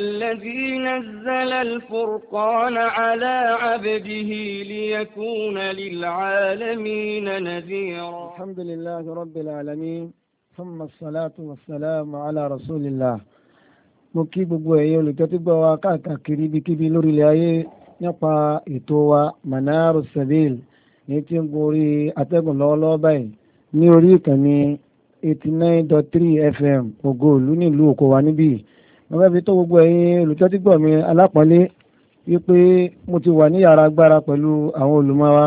الذي نزل الفرقان على عبده ليكون للعالمين نذيرا الحمد لله رب العالمين ثم الصلاة والسلام على رسول الله mo kí gbogbo ẹ̀yin olùtẹ́tígbọ́ wa káàkiri ibikíbi lórílẹ̀ ayé nípa ètò wa manaru sabil ní tí ń gorí atẹ́gùn lọ́wọ́lọ́wọ́ báyìí ní orí ìkànnì eighty nine dot three fm ògo ìlú nílùú òkò wa níbí yìí mo fẹ́ fi tó gbogbo ẹ̀yin olùtẹ́tígbọ̀ mi alápọ̀nlé wípé mo ti wà ní yàrá agbára pẹ̀lú àwọn olùmọ̀ wa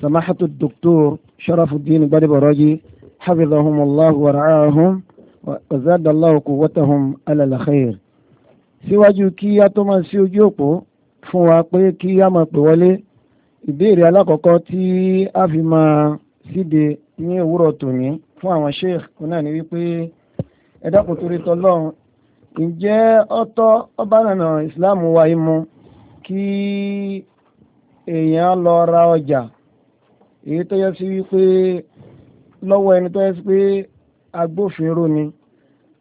samahatu doctor sharafuddin gbadebọ̀rọ́jì hafizahumullahu wa ra'ahum wa zadallahu quwwatahum síwájú kí a tó máa sí ojú òpó fún wa pé kí a máa pè wọlé ìbéèrè alákọ̀ọ́kọ́ tí a fi máa síde ní òwúrọ̀ tòní fún àwọn sheikh náà ni wípé ẹ dákun torí tọlọ́run ǹjẹ́ ọ̀tọ̀ ọba nànà ìsìláàmù wa yìí kí èèyàn lọ ra ọjà èyí tó yẹ sí wípé lọ́wọ́ ẹni tó yẹ sí pé agbófinró ni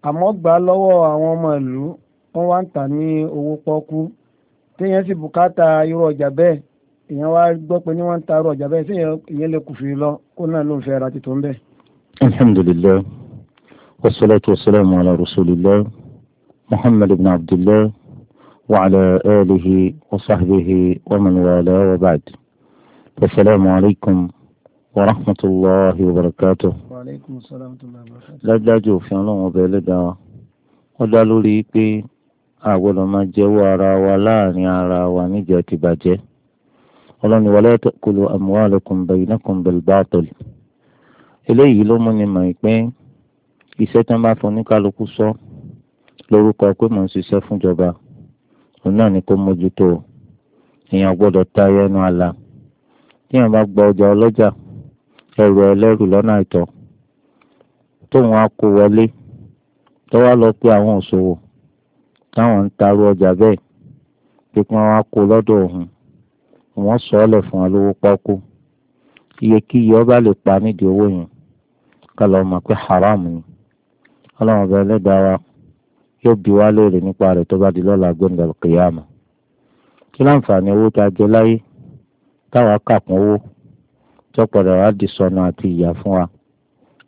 àmọ́ gbà lọ́wọ́ àwọn ọmọ ìlú wọ́n wá ń tà ní owó pọ́kú téèyàn sì bùkátà irú ọjà bẹ́ẹ̀ èèyàn wá gbọ́ pé ní wọ́n ń ta irú ọjà bẹ́ẹ̀ sí èèyàn lè kùfì lọ kó náà ló ń fẹ́ ra títún bẹ́ẹ̀. alhamdulilayi wasalaatu wasalaamu ala rasulillah. محمد بن عبد الله وعلى آله وصحبه ومن والاه وبعد السلام عليكم ورحمة الله وبركاته وعليكم السلام ورحمة الله وبركاته dájúdájú òfin ọlọ́run ọba ẹlẹ́dàá ó dá lórí pé a gbọ́dọ̀ máa jẹ́wọ́ ara wa láàrin ara wa níjẹ́ ti bàjẹ́ ọlọ́ni wala ta'kulu amwalakum baynakum bil batil eléyìí ló mú ni mọ̀ pé iṣẹ́ tí wọ́n bá fún oníkálukú sọ. So lórúkọ pé mò ń ṣiṣẹ́ fúnjọba òun náà ni kó mójútó o èèyàn gbọ́dọ̀ tayọ ẹnu àlà bá gba ọjà ọlọ́jà ẹrù ẹlẹ́rù lọ́nà àìtọ́ tóun á kó wọlé lọ pé àwọn òṣòwò táwọn ń tarú ọjà bẹ́ẹ̀ pé kí wọ́n á kó lọ́dọ̀ òun wọ́n sọ ọ́ lẹ̀ fún wọn ọba lè pa nídìí owó yẹn haram ni ọlọ́run ọba ẹlẹ́dàá yóò bi wá léèrè nípa rẹ̀ tó bá di lọ́la gbẹ̀ngà kìyàmù kí láǹfààní owó tá a jẹ láyé táwa kàkún owó tó padà wá di sọnù àti ìyà fún wa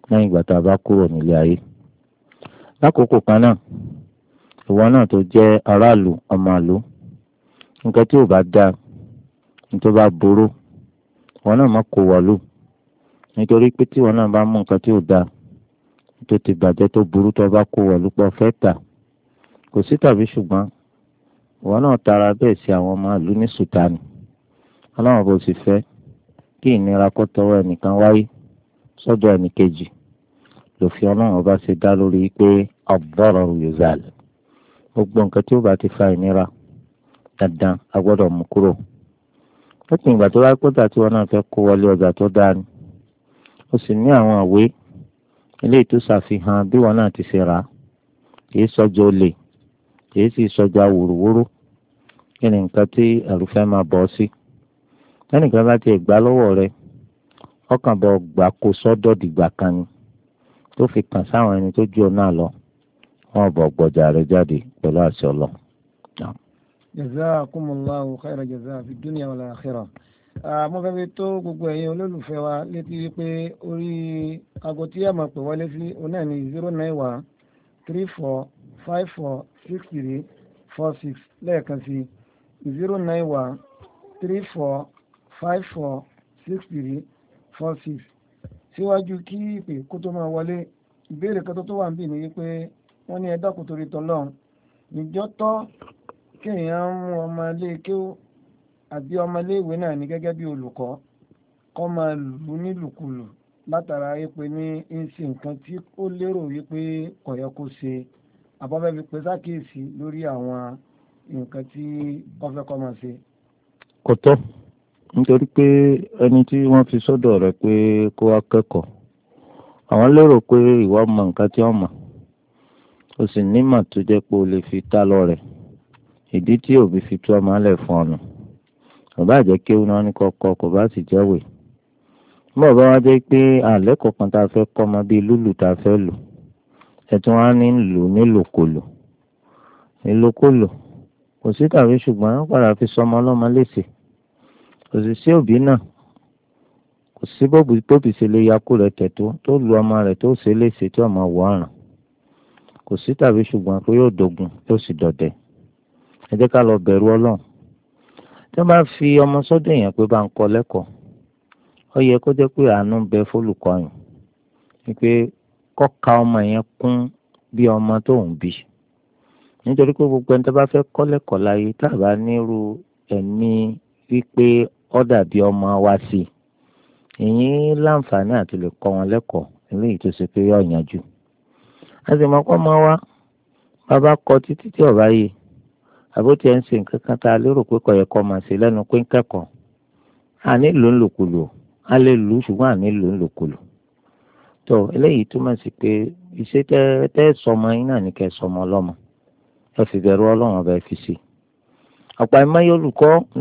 lẹ́yìn ìgbà tá a bá kúrò nílé ayé lákòókò kan náà ìwọ náà tó jẹ́ aráàlú ọmọ àlú nǹkan tí ò bá dáa nítorí bá burú ìwọ náà má kó wọlú nítorí pé tí ìwọ náà bá mú nǹkan tí ò dáa tó ti bàjẹ́ tó burú tó bá kó wọlú pọ̀ fẹ́ tà kò sí tàbí ṣùgbọ́n ìwọ náà tara bẹ́ẹ̀ sí àwọn ọmọ ìlú ní sùtánì ọlọ́run kò sì fẹ́ kí ìnira kó tọwọ́ ẹnìkan wáyé sọ́dọ̀ ẹnìkejì lòfin ọlọ́run ọba ṣe dá lórí pé ọ̀bọ̀rọ̀ yòzàl gbogbo nǹkan tí ó bá ti fa ìnira dandan a gbọ́dọ̀ mú kúrò lópin ìgbà tó bá gbọ́dọ̀ tí wọn náà fẹ́ kó wọlé ọjà tó dáa ni ó sì ní àwọn àwé eléyìí tó bí wọn náà ti ṣe rà kì í sọ́jọ́ olè kì í sì sọjà wòrówóró kí ni nǹkan tí ẹ̀rù fẹ́ máa bọ̀ sí tẹ́nìkan bá ti gbà lọ́wọ́ rẹ ọkàn bọ̀ gbà kó sọ́dọ̀ dìgbà kan ni tó fi kàn sáwọn ẹni tó jù ọ náà lọ wọn bọ̀ gbọ́jà rẹ jáde pẹ̀lú àṣẹ ọlọ. jazakumullahu khairan jazaa fi dunya wal akhirah mo fẹ́ fi tó gbogbo ẹ̀yin olólùfẹ́ wa létí pé orí aago tí wọlé sí onáà zero nine one three four five four six three four six lẹ́ẹ̀kan sí zero nine one three four five four six three four six síwájú kí ìpè kó tó máa wọlé ìbéèrè kan tó tó wà ń bì ní wípé wọ́n ní ẹ dákun torí tọ́lọ́run níjọ́ tọ́ kéèyàn mú ọmọ ilé kéwú àbí ọmọ iléèwé náà ní gẹ́gẹ́ bí olùkọ́ kọ́ máa lù nílùkulù látara wípé ní nǹkan tí ó lérò wípé kó ṣe àbọ̀fẹ́ fi pè sákèésí lórí àwọn nǹkan tí wọ́n fẹ́ kọ́ máa ṣe. kò tọ́ nítorí pé ẹni tí wọ́n fi sọ́dọ̀ rẹ̀ pé kó wá kẹ́kọ̀ọ́ àwọn lérò pé ìwà mọ nǹkan tí wọ́n mọ̀ o sì nímọ̀ tó jẹ́ pé o lè fi tá lọ rẹ̀ ìdí tí òbí fi tú ọmọ alẹ̀ fún ọ̀nà bàbá àjẹ́ kéwù náà ní kọ́kọ́ kò bá sì jẹ́wèé bọ́ọ̀ bá wá jẹ́ pé àlẹ́ kọ̀ọ̀kan tá a fẹ́ kọ́ ọmọ bíi lúlù tá a fẹ́ lò ẹ̀tún wa ní lò nílòkulò ìlòkulò kò sí tàbí ṣùgbọ́n wọ́n padà fi sọmọ ọlọ́mọ léṣe kò sì sí òbí náà kò sí bóbi tóbi ṣe lè yakú rẹ̀ tẹ̀tó tó lu ọmọ rẹ̀ tó ṣe léṣe tí ọmọ wọ̀ ọ̀ràn kò sí tàbí ṣùgbọ́n pé yóò dogun yóò sì dọ̀dẹ̀ ẹ jẹ́ ká lọ bẹ̀rù ọlọ́run tí wọ́n bá fi ọmọ sọ́dọ̀ èèyàn pé bá ń kọ́ lẹ́kọ̀ọ́ ó yẹ kó jẹ́ pé àánú ń bẹ fólùkọ́yìn wípé kó ka ọmọ yẹn kún bí ọmọ tó ń bí nítorí pé gbogbo ẹni tó bá fẹ́ kọ́ lẹ́kọ̀ọ́ láyé tá a bá nírú ẹ̀mí wípé ó dàbí ọmọ wa sí i ìyín láǹfààní àti lè kọ́ wọn lẹ́kọ̀ọ́ eléyìí tó ṣe pé yóò yanjú. a sì mọ̀ pé ọmọ wa bàbá kọ títí tí ọ̀bá yìí àbó tiẹ̀ ń ṣe nǹkan tá a lérò pé kọ̀ yẹ kọ́ máa ṣe lẹ́nu pé ń kẹ́kọ̀ọ́ a nílò ńlòkulò a lè lù ú ṣùgbọ́n a nílò ńlòkulò tó eléyìí túmọ̀ sí pé iṣẹ́ tẹ́ sọmọ yín kẹ́ sọmọ ọlọ́mọ ẹ fi bẹ̀rù ọlọ́run ọba ẹ fi ṣe.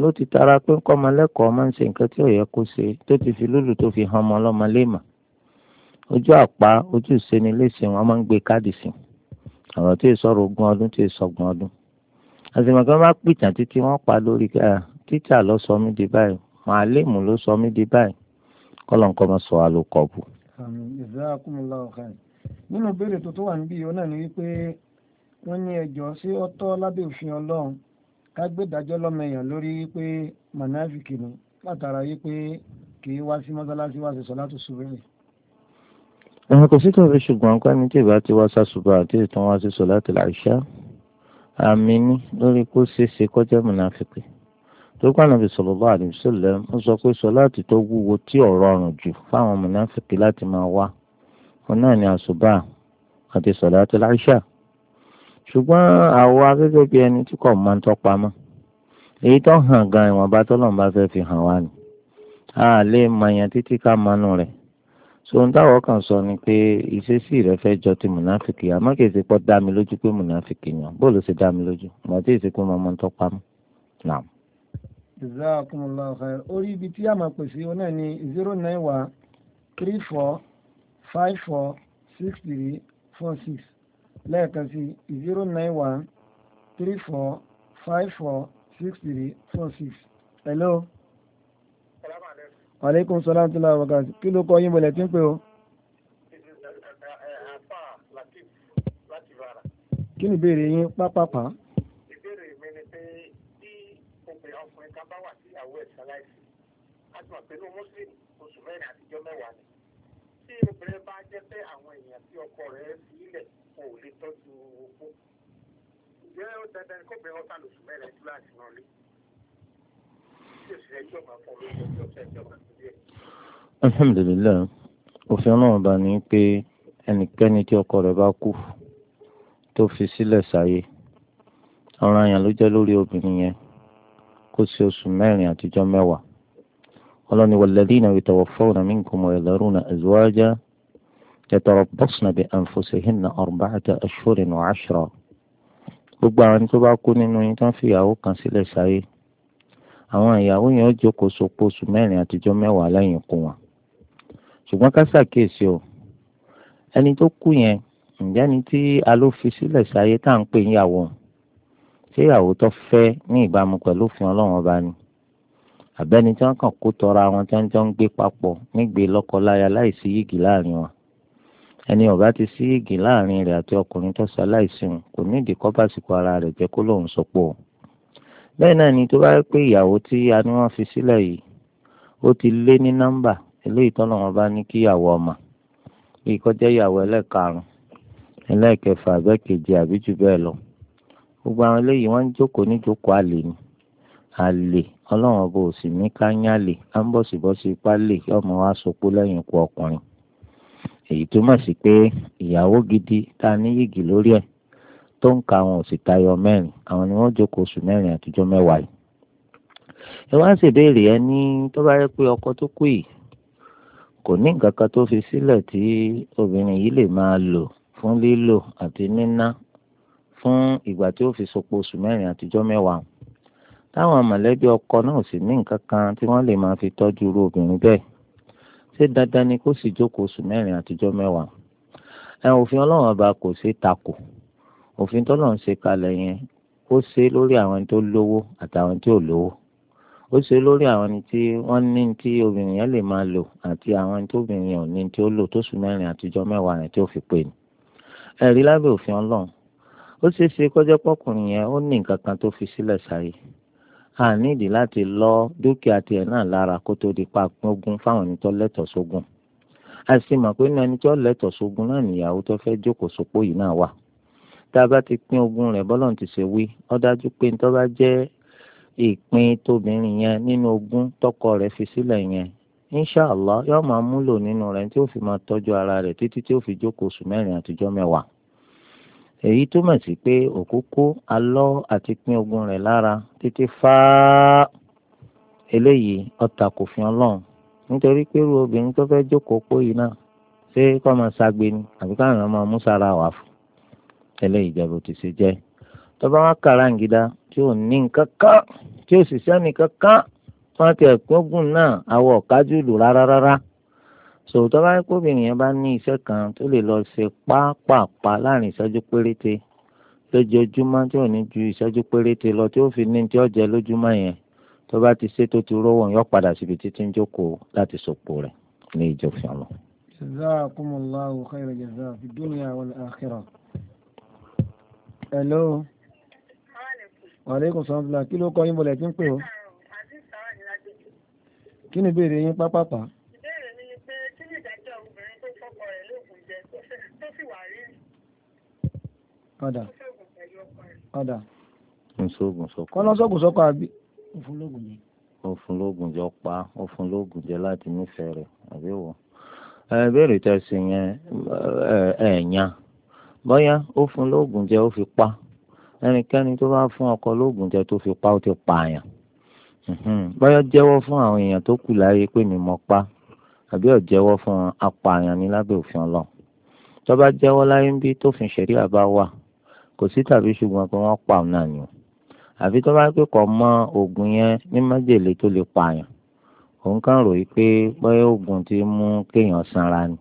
ló ti tara pé ń kọ́ ọmọ lẹ́kọ̀ọ́ máa ń ṣe nǹkan tí ò yẹ kó ṣe tó ti fi lúlù tó fi han ọmọ ọlọ́mọ léèmọ̀ ojú àpá ojú ìseni léṣe wọn máa ń gbé káàdì sí ọ̀rọ̀ tí ọdún tí ìsọ̀gbọ̀n ọdún àtìmọ̀ kan bá pìtàn títí wọ́n ah, jazakumullahu khairan nínú ìbéèrè tó tó wà níbí yìí náà ni wípé wọ́n ní ẹjọ́ sí ọ̀tọ̀ lábẹ́ òfin ọlọ́run ká gbé ìdájọ́ lọ́mọ èèyàn lórí wípé mọ̀nàfíkì ni látara wípé kì í wá sí mọ́sálásí wá sí sọ́látù súbúhì. ẹ̀hìn kò sí tòun fi ṣùgbọ́n ká ní tí ìbá ti wá sásùbà àti ìtàn wá sí sọ́látù láìṣá àmì ní lórí kó ṣeé ṣe kọjá mọ̀nàfíkì tó kọ́ ànábì sallallahu alaihi wasallam ń sọ pé sọláàtì tó wúwo tí ò rọrùn jù fáwọn mùnáfíkì láti máa wá òun náà ni àṣùbà àti sọláàtì láìṣà ṣùgbọ́n àwa gẹ́gẹ́ bí ẹni tí kò máa ń tọ́pa mọ́ èyí tó hàn gan ìwọ̀nba tọ́lọ́run bá fẹ́ fi hàn wá ni a lè mọyàn títí ká mọnú rẹ̀ sóhun táwọn kan sọ ni pé ìṣesí rẹ̀ fẹ́ jọ ti mùnáfíkì àmọ́ kì í ṣe pọ́ dá mi lójú pé mùnáfíkì yàn bóòlù ṣe dá mi lójú mọ̀ tí ì ṣe pé mo máa ń tọ́pa mọ́ nàá jazakumullahu khair orí ibi tí a máa pè sí onáà ní zero nine one three four five four six three four six lẹ́ẹ̀kan sí zero nine one three four five four six three four six. hello. aleykum salaam tula wakati kí ló kọ yín bọ̀lẹ̀ tí ń pè o. Uh, uh, uh, kí ni ìbéèrè yín pápápá. Pa, pa, pa? mọ̀ pé ní muslim oṣù mẹ́rin àtijọ́ mẹ́wàá ni tí obìnrin bá jẹ́ pé àwọn èèyàn tí ọkọ rẹ̀ fi ilẹ̀ kò lè tọ́jú owó ǹjẹ́ ó dandan kóbìnrin ọ̀sán lóṣù mẹ́rin ẹ̀dúrà sí wọn lé tí oṣù rẹ̀ jọba fún olóṣù tí ọ̀sẹ̀ jọba sí díẹ̀. alhamdulilayi òfin náà bá ní pé ẹnikẹ́ni tí ọkọ rẹ̀ bá kú tó fi sílẹ̀ sáyé ọ̀ranyàn ló jẹ́ lórí obìnrin yẹn kó ṣe oṣù mẹ́rin àtijọ́ mẹ́wàá ọlọ́ni walladhina yatawaffawna minkum wa yadharuna azwaja yatarabbasna bi anfusihinna arba'ata ashhurin wa 'ashra gbogbo àwọn tó bá kú nínú yín tán fìyàwó kan sílẹ̀ sáyé àwọn ìyàwó yẹn ó jókòó sopọ̀ oṣù mẹ́rin àtijọ́ mẹ́wàá lẹ́yìn ikú wọn ṣùgbọ́n ká ṣàkíyèsí o ẹni tó kú yẹn ǹjẹ́ ni àbẹ́ni tí wọ́n kàn kó tọra wọn tí wọ́n jọ ń gbé papọ̀ nígbè lọ́kọláya láìsí yìgì láàrin wọn ẹni ó bá ti sí yìgì láàrin rẹ̀ àti ọkùnrin tó sọ aláìsí wọn kò ní ìdí kọ́ bàsìkò ara rẹ̀ jẹ́ kó lóun sọpọ̀ bẹ́ẹ̀ náà ni tó bá yẹ pé ìyàwó tí a ní wọ́n fi sílẹ̀ yìí ó ti lé ní nọ́mbà eléyìí tọ́nà wọn bá ní kíyàwó ọmọ bí kọjá ìyàwó ẹlẹ́karùn ẹlẹ́kẹfà abẹ́kejì àbí jù bẹ́ẹ̀ lọ gbogbo àwọn eléyìí wọ́n ń jókòó níjókòó àlè ni alè ọlọ́run ọba ò sì ní ká yán lè á ń bọ̀sibọ́sí ipá lè ọmọ wa sopó lẹ́yìn ikú ọkùnrin èyí túmọ̀ sí pé ìyàwó gidi tá a ní yìgì lórí ẹ̀ tó ń ka àwọn òsì tayọ mẹ́rin àwọn ni wọ́n jókòó oṣù mẹ́rin àtijọ́ mẹ́wàá yìí ẹ wá ń ṣèbéèrè ẹ ní tó bá yẹ pé ọkọ tó kú yìí kò ní nǹkan kan tó fi sílẹ̀ tí obìnrin yìí lè máa lò fún lílò àti níná fún ìgbà tí ó fi sopọ̀ oṣù mẹ́rin àtijọ́ mẹ́wàá táwọn mọ̀lẹ́bí ọkọ náà sì ní nǹkan kan tí wọ́n lè máa fi tọ́jú irú obìnrin bẹ́ẹ̀ ṣé dandan ni kó sì jókòó oṣù mẹ́rin àtijọ́ mẹ́wàá ẹ òfin ọlọ́run ọba kò ṣe takò òfin tọ́lọ́run ṣe kalẹ̀ yẹn ó ṣe lórí àwọn tó lówó àtàwọn tí ò lówó ó ṣe lórí àwọn tí wọ́n ní tí obìnrin yẹn lè máa lò àti àwọn tí obìnrin yẹn ò ní tí ó lò tó sùn mẹ́rin àtijọ́ mẹ́wàá rẹ̀ tí ó fi pè ní. ẹ̀rí lábẹ́ òfin ọlọ́run ó ṣeé ṣe kọjá pọ́kùnrin yẹn ó ní nǹkan kan tó fi sílẹ̀ sáyé a nídìí láti lọ dúkìá tiẹ̀ náà lára kó tó di pa ogun fáwọn ẹni tó lẹ́tọ̀ọ́ sógún a sì mọ̀ pé nínú ẹni tó lẹ́tọ̀ọ́ sógún náà nìyàwó tó fẹ́ jókòó sópò yìí náà wà tá a bá ti pín ogun rẹ̀ bọ́lọ̀ ti ṣe wí ó dájú pé tó bá jẹ́ ìpín tóbìnrin yẹn nínú ogun tọkọ rẹ̀ fi sílẹ̀ yẹn inshàlá yóò máa múlò nínú rẹ̀ tí ó fi máa tọ́jú ara rẹ̀ títí tí ó fi jókòó oṣù mẹ́rin àtijọ́ mẹ́wàá èyí túmọ̀ sí pé òkú kú alọ́ àti pín ogun rẹ̀ lára títí fáá eléyìí ọ̀tà kò fi ọlọ́run nítorí pé irú obìnrin tó fẹ́ jókòó pó yìí náà ṣé kọ́ máa ṣagbe ni àbí ọmọ musara wà ti ṣe jẹ́ tọ́ba wa kàràǹgídá tí ò ní tí ò sì sẹ́ni kankan wọ́n ti sòwòtọ́ bá kó obìnrin yẹn bá ní iṣẹ́ kan tó lè lọ ṣe pápápá láàrin ìṣẹ́jú péréte lójoojúmọ́ tí ò ní ju ìṣẹ́jú péréte lọ tí ó fi ní tí ó jẹ lójúmọ́ yẹn tó bá ti ṣe tó ti rówó yọ padà síbi títí ń jókòó láti sòpò rẹ̀ ní ìjọfin ọlọ. jazakumullahu khairan jazaa fi dunya wal akhirah. hello. wàlẹ́kùn sọ́ńdúnlá kí ló kọ́ yín bọ̀lẹ̀ tí ń pè ó. kí ni ìbéèrè yín pápápá. ọ̀dà ọ̀dà. nsóògùn sọkọ. kọ́nà sọ́gùn sọkọ àbí. òfun lóògùn jẹ. òfun lóògùn jẹ pa òfun lóògùn jẹ láti nífẹ̀ẹ́ rẹ̀ àbí wò. ẹ béèrè tẹ̀sí yẹn ẹ yàn bóyá ó fún lóògùn jẹ ó fi pa ẹnikẹ́ni tó bá fún ọkọ lóògùn jẹ tó fi pa ó ti pààyàn bóyá jẹ́wọ́ fún àwọn èèyàn tó kù láyé pé mi mọ̀ pa àbí ó fún apààyàn ní lábẹ́ òfin ọlọ́run tó jẹ́wọ́ láyé ń bí tó fi ṣẹ̀rí àbá wà kò sí tàbí ṣùgbọ́n pé wọ́n pa òun náà ni o àfi tó bá pé kò mọ oògùn yẹn ní májèlé tó lè pààyàn òun kàn rò pé bóyá oògùn ti mú kéèyàn sanra ni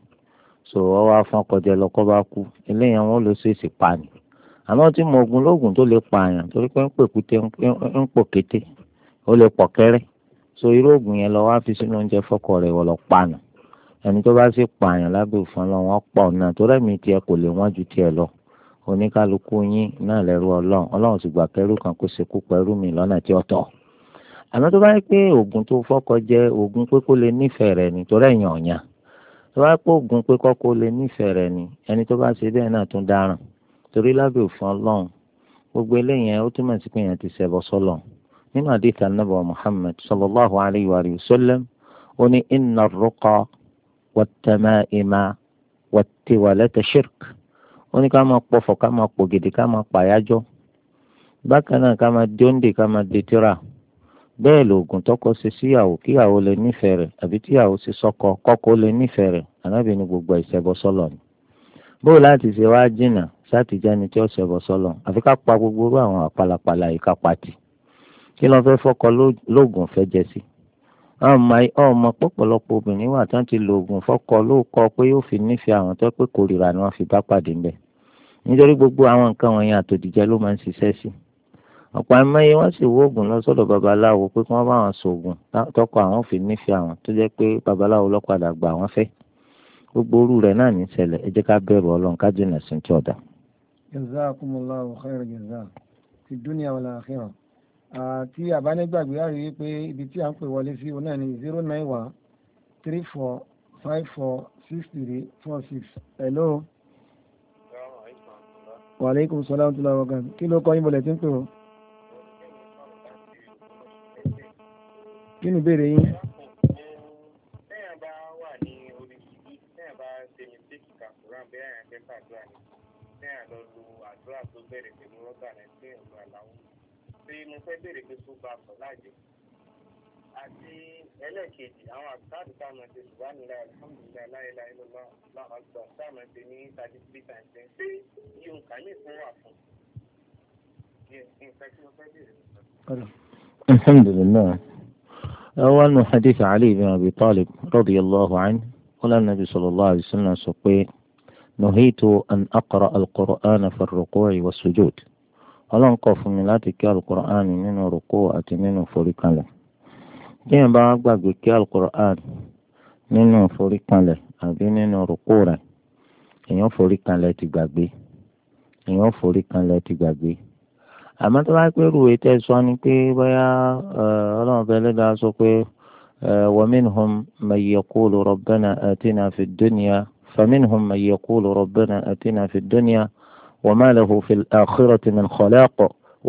so ọ wá fún ọkọjẹ lọkọ bá kú eléyàn wọn ló ṣèèṣì pa ni àmọ́ tí mo oògùn lóògùn tó lè pààyàn torí pé ń pèkúté ń pò kété ó lè pọ̀ kẹ́rẹ́ so irú oògùn yẹn lọ wá fi sínú oúnjẹ fọkọ rẹ̀ wọ̀ lọ pààyàn ẹni tó bá sì pààyàn lábẹ́ òfin ọlọ́run ọ̀pọ̀ náà tó tiẹ̀ kò lè wọ́n ju tiẹ̀ lọ oníkálukú yín náà lẹ́rú ọlọ́run ọlọ́run sì gbà kẹ́rù kan kó ṣekú pẹ̀rú mi lọ́nà tí ó tọ́ àmọ́ tó bá yẹ pé oògùn tó fọ́kọ jẹ́ oògùn pé kó lè nífẹ̀ẹ́ rẹ̀ ni torí ẹ̀yàn ọ̀yàn tó bá pé oògùn pé kọ́kọ́ lè nífẹ̀ẹ́ rẹ̀ ni ẹni tó bá ṣe bẹ́ẹ̀ náà tún dáràn torí lábẹ́ òfin ọlọ́run gbogbo eléyẹn ó túmọ̀ sí pé èèyàn ti ṣẹbọ sọ́lọ̀ nínú àdìsá wọ́n ní ká máa pọ̀fọ̀ ká máa pò gidi ká máa pàyájọ́ bákan náà ká máa dóńdè ká máa detira bẹ́ẹ̀ lóògùn tọkọ ṣe síyàwó kíyàwó lè nífẹ̀ẹ́ rẹ̀ àbí tíyàwó ṣe sọ́kọ kọ́kọ lè nífẹ̀ẹ́ rẹ̀ ànábì ní gbogbo ìṣẹbọ sọ́lọ̀ ni bóò láti ṣe wá jìnnà sátìjáni tí ó ṣẹbọ sọ́lọ̀ àfi ká pa gbogbo irú àwọn àpàlàpàlà yìí ká pati kí lọ́n fẹ́ fọ́kọ lóògùn fẹ́ jẹ sí ọmọ pọ̀pọ̀lọpọ̀ obìnrin wà tán ti lóògùn fọ́kọ lóòkọ pé yóò fi nífẹ̀ẹ́ àwọn tó pé kórìíra ni wọ́n fi bá pàdé ńbẹ̀ nítorí gbogbo àwọn nǹkan wọ̀nyí àtòdìjẹ ló máa ń ṣiṣẹ́ sí ọ̀pọ̀ àmọ́yé wọ́n sì wó oògùn lọ sọ́dọ̀ babaláwo pé kí wọ́n bá wọn sòògùn tọkọ àwọn fi nífẹ̀ẹ́ àwọn tó jẹ́ pé babaláwo lọ́padà gbà wọ́n fẹ́ gbogbo orú rẹ̀ náà ní ṣẹlẹ̀ ẹ jẹ́ ká bẹ̀rù ọlọ́run ká jìnnà sí ti ọ̀dà. jazakumullahu khairu jaza fi dunya wal akhirah àti àbánigbàgbé àrí pé ibi tí à ń pè wọlé sí onáà ní zero nine one three four five four six three four six hello wa aleykum salaam tó lọ́wọ́ kan kí ló kọ́ yín bọ̀lẹ̀ tí ń pè ọ́. kí ni ìbéèrè yín. àdúrà tó bẹ̀rẹ̀ pẹ̀lú rọ́bà rẹ̀ sí ìlú àlàó tí mo fẹ́ bèrè pé tó bá sọ láàyè àti ẹlẹ́ẹ̀kejì àwọn táwọn ẹ̀ṣẹ̀ ṣùgbọ́n táwọn ẹ̀ṣẹ̀ ní thirty three times ten iye ní ìfowó الحمد لله أول حديث علي بن أبي طالب رضي الله عنه قال النبي صلى الله عليه وسلم سقي نهيت أن أقرأ القرآن في الركوع والسجود ألا أنقف من لا القرآن من ركوع من فريقا téèyàn bá gbàgbé kí alukur'an nínú ìforíkanlẹ̀ àbí nínú rúkú rẹ̀ èèyàn foríkanlẹ̀ ti gbàgbé èèyàn foríkanlẹ̀ ti gbàgbé àmọ́ tó bá pé rúwe tẹ́ sọ ni pé bóyá ọlọ́run fẹ́ lẹ́dàá sọ pé wa minhum man yaqulu rabbana atina fid dunya fa minhum man yaqulu rabbana atina fid dunya wa ma lahu fil akhirati min khalaq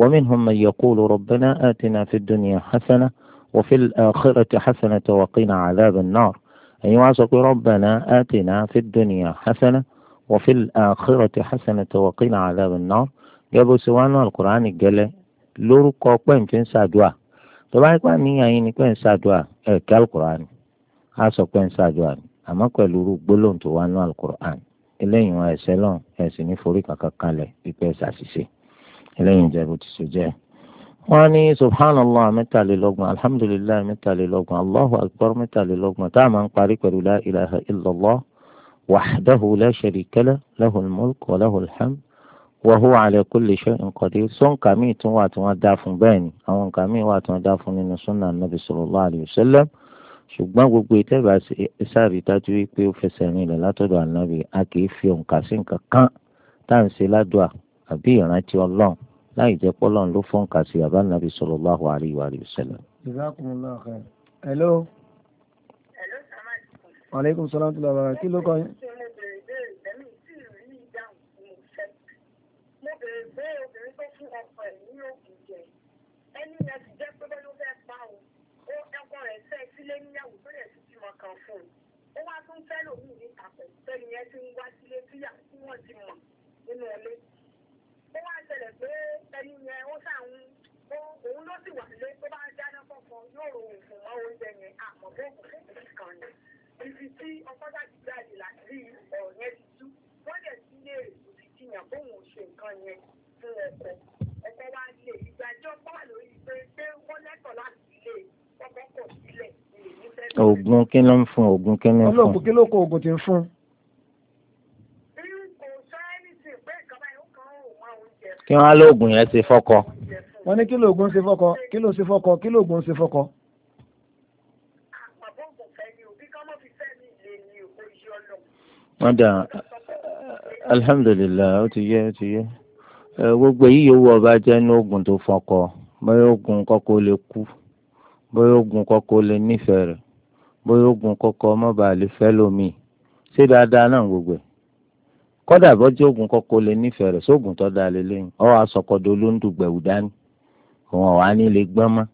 wa minhum وفي الآخرة حسنة وقنا عذاب النار أي أيوة ربنا آتنا في الدنيا حسنة وفي الآخرة حسنة وقنا عذاب النار جابوا سوانا القرآن الجلي lórúkọ pé n fi ń ṣàdúà tó bá ipá níyàn yín ni pé ń ṣàdúà ẹ̀ka alukur'an á sọ pé ń ṣàdúà ni àmọ́ pẹ̀lú irú gbólóhùn tó wà ní alukur'an eléyìí wọn ẹ̀ṣẹ̀ lọ́n ẹ̀sìn ní forí kankan kalẹ̀ pípẹ́ ṣàṣìṣe eléyìí jẹ́ bó ti ṣe jẹ́ wọ́n á ní subhanallah mẹ́tàlélọ́gbọ̀n alhamdulilayi mẹ́tàlélọ́gbọ̀n allahu akbar mẹ́tàlélọ́gbọ̀n tá a máa ń parí pẹ̀lú la ilaha illallah wahdahu la sharika lah lahul mulk wa lahul hamd wa huwa ala kulli shay'in qadir sọ́nkà míì tún wà tí wọ́n dá fún bẹ́ẹ̀ ni àwọn nǹkan míì wà tí wọ́n dá fún nínú sunna nabi sallallahu alayhi wa sallam ṣùgbọ́n gbogbo ìtẹ́gbà sáré dájú wípé ó fẹsẹ̀ rinlẹ̀ látọ̀dọ̀ ànábì a kì í fi òǹkà sí nǹkan kan tá à ń ṣe ládùá àbí ìrántí ọlọ́run láì jẹ́ pọ́lọ́n ló fọ́nká sí àbá nàbì sallallahu alaihi wa alihi wasallam. jazakumullahu khair. hello. hello salaam. maaleykum salaam tó kí ló kọ́ yín. ó wá tún fẹ́ lòmìn níta pẹ̀lú pẹ́ni yẹn ti ń wá sílé tí wọ́n ti mọ̀ nínú ọlẹ́tì ó wá ń ṣẹlẹ̀ pé ẹni yẹn ó ṣàwọn òun ló sì wà nílé tó bá dáná kọ̀ọ̀kan yóò ro oògùn mọ́ oúnjẹ yẹn àmọ́ bó kan ni ibi tí ọkọ̀ bá jáde láti ọ̀rọ̀ yẹn ti tú wọ́n dẹ̀ sí léèrè kò sì jiyàn bóun ò ṣe nǹkan yẹn fún ọkọ̀ ọkọ̀ wa lè e. ìgbàjọ́ pọ̀ lórí pé pé wọ́n lẹ́tọ̀ọ́ láti ilé e. ọkọ̀ kọ̀ sílẹ̀ ògùn kí ló ń fún ògùn kí ló ń fún. ọlọ́ọ̀gùn kí ló kọ ògùn tí ń fún. kí wọ́n á lóògùn yẹn ṣe fọ́kọ. wọ́n ní kí lóògùn ṣe fọ́kọ kí ló ṣe fọ́kọ kí lóògùn ṣe fọ́kọ. wọ́n dà alhamdulilayi ó ti yẹ ó ti yẹ gbogbo èyí yòówù ọba jẹ́ ní oògùn tó fọ́kọ bóyá oògùn kọ́kọ́ lè kú bóyá oògùn kọ́kọ́ lè nífẹ̀ẹ́ rẹ̀ bóyá oògùn kọ́kọ́ mọ́ba àlè fẹ́ lómi ṣé dáadáa náà gbogbo ẹ̀ kódà bọ́jú oògùn kọ́kọ́ lè nífẹ̀ẹ́ rẹ̀ sóògùn tó dáa lé lẹ́yìn ọ wá sọkọdọ olóńdù gbẹ̀wù dání wọn wá ní lè gbọ́n mọ́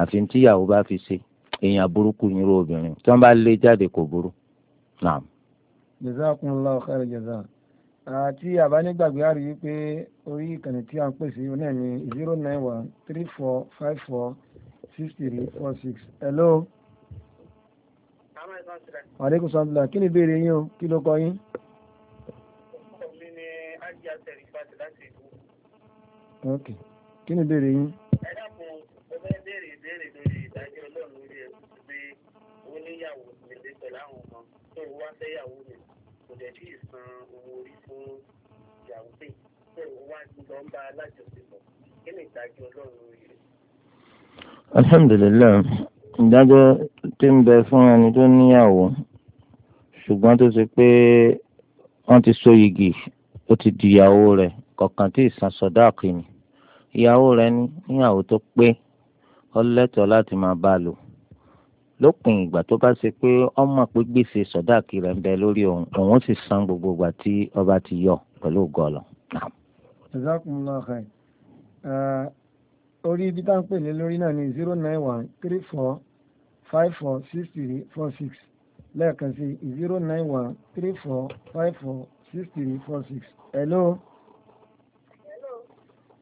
àfi tíyàwó bá fi ṣe èèyàn burúkú yín obìnrin tí wọ́n bá lé jáde kò burú. jazakumullahu khairan jaza àti àbánigbàgbé àrí wípé orí ìkànnì tí a ń pèsè yìí náà ní zero nine one three four five four six three four six. hello. wàlẹ́kùn sọ́ńdùlà kí ni ìbéèrè yín o kí ló kọ yín. ok kí ni ìbéèrè yín. ẹ dákun mo fẹ́ béèrè ìbéèrè lórí ìdájọ́ ọlọ́run lórí ẹ̀sùn pé ó níyàwó mèlè pẹ̀lú àwọn ọmọ tó ń wá fẹ́yàwó mi kò dẹ̀ sí ìsan owó orí fún ìyàwó pé tó ń wá lọ ń bá alájọṣepọ̀ kí ni ìdájọ́ ọlọ́run lórí rẹ̀. alhamdulilayi ìdájọ́ tí ń bẹ fún ẹni tó níyàwó ṣùgbọ́n tó ṣe pé wọ́n ti so yìgì ó ti dìyàwó rẹ̀ kọ̀ọ̀kan tí ìsan sọ̀dá àkè mi ìyàwó rẹ ní níyàwó tó pé ọlẹ́tọ̀ọ́ láti máa bá a lò lópin ìgbà tó bá ṣe pé ọmọ pé gbèsè sọ̀dá àkè rẹ̀ ń bẹ lórí òun òun sì san gbogbo ìgbà tí ọba ti yọ pẹ̀lú gọlọ. orí ibi tá à ń pè lé lórí náà ni zero nine one three four five four six three four six lẹ́ẹ̀kan sí zero nine one three four five four six three four six. hello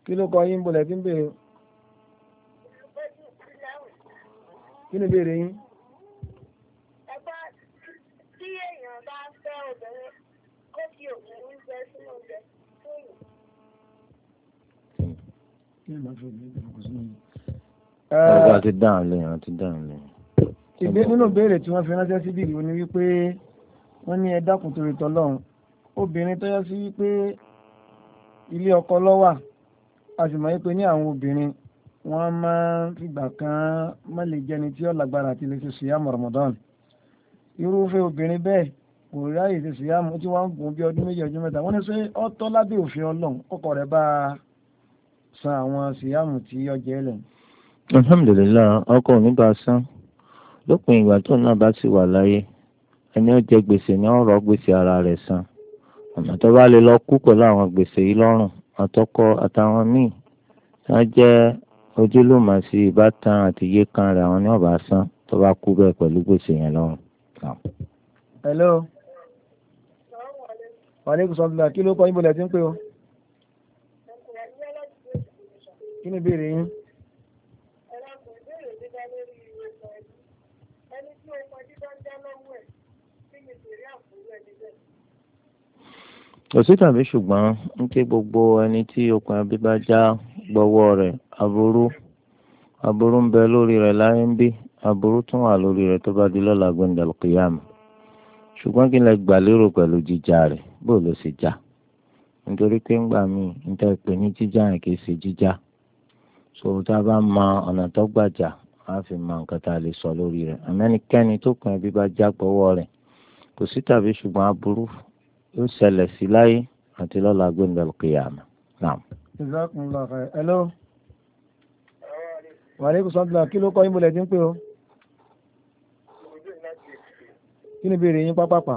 kí ló kọ yín bolẹ̀ tí ń bèrè kí ni bèrè yín. ẹgbẹ́ tí èèyàn bá fẹ́ obìnrin kó fi obìnrin jẹ sínú oúnjẹ fún èèyàn. Ọ̀gá ti dáhùn lé, àwọn ti dáhùn lé. Ìgbé nínú ìbéèrè tí wọ́n fi ránṣẹ́ síbí ìlú ni wípé wọ́n ní ẹ dákun tọ́lọ́run. Obìnrin tó sí wípé ilé ọkọ ló a sì mọ̀ pé ní àwọn obìnrin wọ́n máa ń fìgbà kan má lè jẹni tí ó lágbára àti lè ṣe ṣìyàmù Ramadan irúfẹ́ obìnrin bẹ́ẹ̀ kò ráyè ṣe ṣìyàmù tí wọ́n ń gùn bí ọdún méjì ọdún mẹ́ta wọ́n ní ṣé ó tọ́ lábẹ́ òfin Ọlọ́run ọkọ rẹ̀ bá san àwọn ṣìyàmù tí ọjẹ́ lẹ̀. alhamdulilayi ọkọ ò ní bá a san lópin ìgbà tó náà bá ti wà láyé ẹni ó jẹ gbèsè ni ó gbèsè ara rẹ̀ san ọ̀nà tó bá lè lọ kú pẹ̀lú àwọn gbèsè yìí lọ́rùn àtọkọ àtàwọn míì wọn jẹ́ ojúlùmọ̀ sí ìbátan àti yékan rẹ̀ àwọn ní ọ̀bà san tó bá kú bẹ́ẹ̀ pẹ̀lú gbèsè yẹn lọ́rùn. hello wàlẹ́kùn sọ́dúnlá kí ló kọ́ yín bọ̀lẹ̀ tí ń pè ọ́ kí ni ìbéèrè yín. kò tàbí ṣùgbọ́n ń ké gbogbo ẹni tí okùn ẹbí gbọ́wọ́ rẹ̀ aburú aburú ń bẹ lórí rẹ̀ láyé ń bí aburú tún wà lórí rẹ̀ tó bá di lọ́la gbẹ̀ndàlùkìyàmù ṣùgbọ́n kí n lè gbà lérò pẹ̀lú jíjà rẹ̀ bó ló ṣe já nítorí pé ńgbà míì níta ní jíjà yẹn kì í ṣe jíjà sòwò tá a bá gbàjà á fi ma nǹkan tá a lè sọ lórí rẹ̀ yóò ṣẹlẹ̀ sí láyé àti lọ́la gbẹ̀ngàn kìyàmù hello. wàlẹ́kùn sọ́dúnlá kí ló kọ́ yín bọ̀lẹ̀ tí ń pè ó. kí ni ìbéèrè yín pápápá.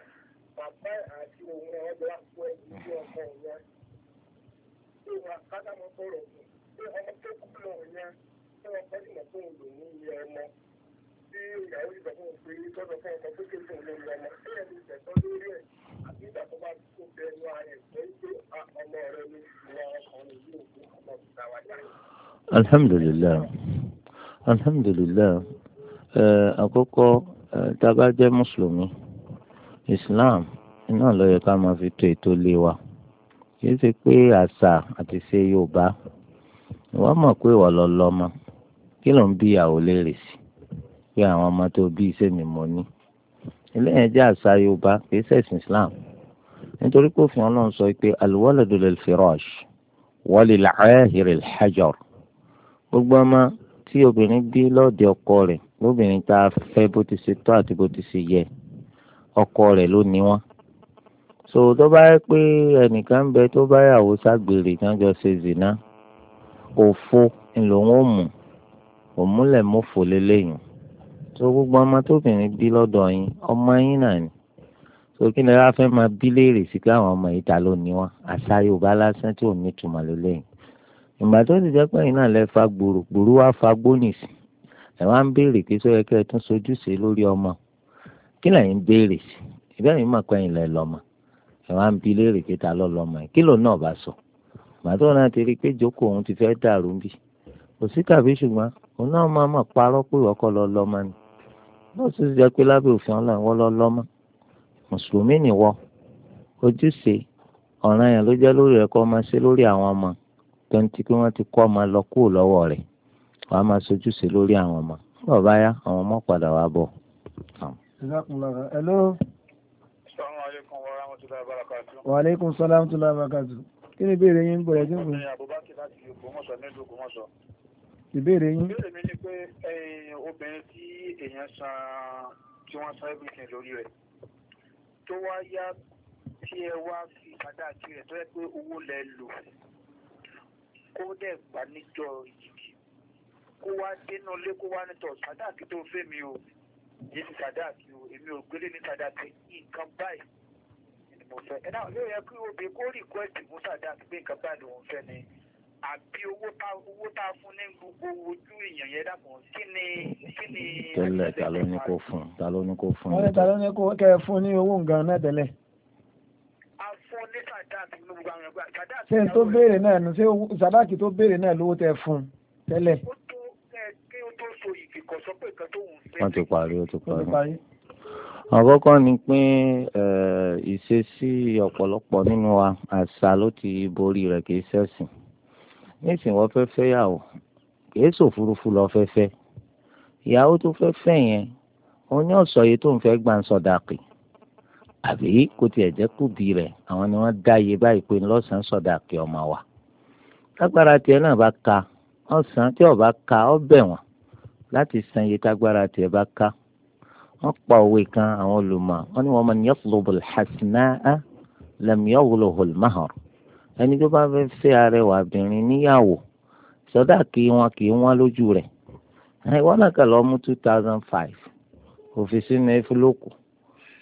bàbá àti òun náà wọ́n jọ wá ẹni tí ọmọ ìyá tí wọn kádà mọ́ sọ̀rọ̀ tí ọmọ tó kú lọ ìyá tí wọn fẹ́ dìmọ̀ tó lò ní iye ọmọ tí ìyàwó ìgbà fún òfin tọ́jọ́ fún ọkọ̀ tó kéde òun lórí ọmọ tí ẹni ìtẹ̀tọ́ lórí ẹ̀ àti ìgbà tó bá tó bẹ ẹnu ààrẹ pé pé ọmọ rẹ ní ìwà ọkùnrin yìí òkú ọmọ ìgbà wà jáde. alhamdulillah alhamdulillah àkọ́kọ́ tá a bá jẹ́ mùsùlùmí Islam iná ló yẹ ká máa fi tó ètò lé wa kìí ṣe pé àṣà àti ṣe Yorùbá ìwọ mọ̀ pé ìwọ lọ lọ́mọ kí ló ń bí ìyàwó léèrè sí pé àwọn ọmọ tó bí iṣẹ́ mi mọ̀ ní. eléyẹn jẹ́ àṣà Yorùbá kìí ṣẹ̀sìn Islam nítorí pé òfin Ọlọ́run sọ pé al-waladu lil-firash hajar gbogbo ọmọ tí obìnrin bí lọ́ọ̀dẹ̀ ọkọ rẹ̀ lóbìnrin tá a fẹ́ bó ti ṣe tọ́ àti bó ti ṣe yẹ ọkọ rẹ̀ ló ní wọn so tó bá yẹ pé ẹnìkan ń bẹ tó bá yàwó ságbèrè náà jọ ṣe zina òfo ńlọrọ ó mú òmúlẹ̀ mọ́fò lélẹ́yìn tó gbogbo ọmọ tóbìnrin bí lọ́dọ̀ yín ọmọ yín náà ni tó kí ni wọ́n fẹ́ máa bí léèrè sí pé àwọn ọmọ yìí ta ló ní wọn àṣà Yorùbá lásán tí ò ní ìtumọ̀ lélẹ́yìn ìgbà tó ti jẹ́ pé náà lẹ́ gbòòrò gbòòrò wá fa gbónìsì ẹ̀ wá ń béèrè pé sọ́yẹ́ tún sojúṣe lórí ọmọ kí lẹ́yìn béèrè sí ìbéèrè yìí mà pé ẹ̀yin lẹ lọ́mọ ẹ̀ wá ń bi léèrè pé ta ló lọ́mọ ẹ̀ kí ló náà bá sọ màtó náà ti rí i pé jókòó òun ti fẹ́ dàrú bí kò sí kàbí ṣùgbọ́n òun náà máa mà parọ́ pé ọkọ lọ lọ́mọ ni lọ́sùn ti jẹ́ pé lábẹ́ òfin ọlọ́run lọ lọ́mọ mùsùlùmí nìwọ ojúṣe ọ̀ràn yẹn ló jẹ́ lórí ẹ̀kọ́ máa ṣe lórí àwọn ọmọ tó ń ti pé wọ́n ti kọ́ ọmọ lọ kúrò lọ́wọ́ rẹ̀ wàá máa ṣojúṣe lórí àwọn ọmọ bọ́ọ̀ yá àwọn ọmọ padà wá bọ̀ ìzákùnlára hello. salaamaleykum wa rahmatulahi wa barakatu. wa aleykum salaam kí ni ìbéèrè yín ń bọ̀ ẹ̀jẹ̀ ń bọ̀. ìbéèrè yín. ìbéèrè kó dẹ̀ gbà níjọ yìí kó wá dénú lé kó wá nítọ̀ sádà kí tó fẹ́ mi o yé ní sàdáàkì o èmi ò gbélé ní sàdáàkì nǹkan báyìí ni mo fẹ́. ẹ̀dá yóò yẹ kí obì kó rìkọ́ẹ̀tì fún sàdáàkì pé nǹkan báyìí lòun fẹ́ ni àbí owó tá owó tá a fún ní gbogbo ojú èèyàn yẹn dàpọ̀ kí ni kí ni. tẹ́lẹ̀ ta ló ní kó fún ta ló ní kó fún. wọ́n ní ta ló ní kó kẹ́ ẹ fún ní owó nǹkan náà tẹ́lẹ̀. a fún ní sàdáàkì ní gbogbo àwọn ẹgbẹ́ sàdáàkì. ṣé n tó béèrè náà ṣé sàdáàkì tó béèrè náà lówó tẹ fún tẹ́lẹ̀. ó tó so ìkìkọ̀ sọ pé nǹkan tó wù ú. wọ́n ti parí ó ti parí. àkọ́kọ́ ni pé ìṣesí ọ̀pọ̀lọpọ̀ nínú wa àṣà ló ti borí rẹ̀ kì í ṣẹ̀sìn nísìnyí wọ́n fẹ́ fẹ́ yàwó kì í ṣòfurufú lọ fẹ́ fẹ́ ìyàwó tó fẹ́ fẹ́ yẹn òun ní ọ̀sọ̀ yìí tó ń fẹ́ gbà ń sọ̀dà pé àbí kò tiẹ̀ jẹ́ kùdì rẹ̀ àwọn ni wọ́n dá iye báyìí pé lọ́sàn-án sọ̀dà pé ọmọ wa lágbára tiẹ̀ náà bá ka ọ̀sán tí ọba ka ọbẹ̀ wọn láti san iye tágbára tiẹ̀ bá ká wọ́n pa òwe kan àwọn olùmọ̀ wọ́n ní wa man yatlubul hasana'a lam yagluhul mahar ẹni tó bá fẹ́ fẹ́ arẹwà obìnrin níyàwó sọdá kí wọn kì í wọn lójú rẹ̀ wọn náà kà lọ mú two thousand five òfìsí ní efiloku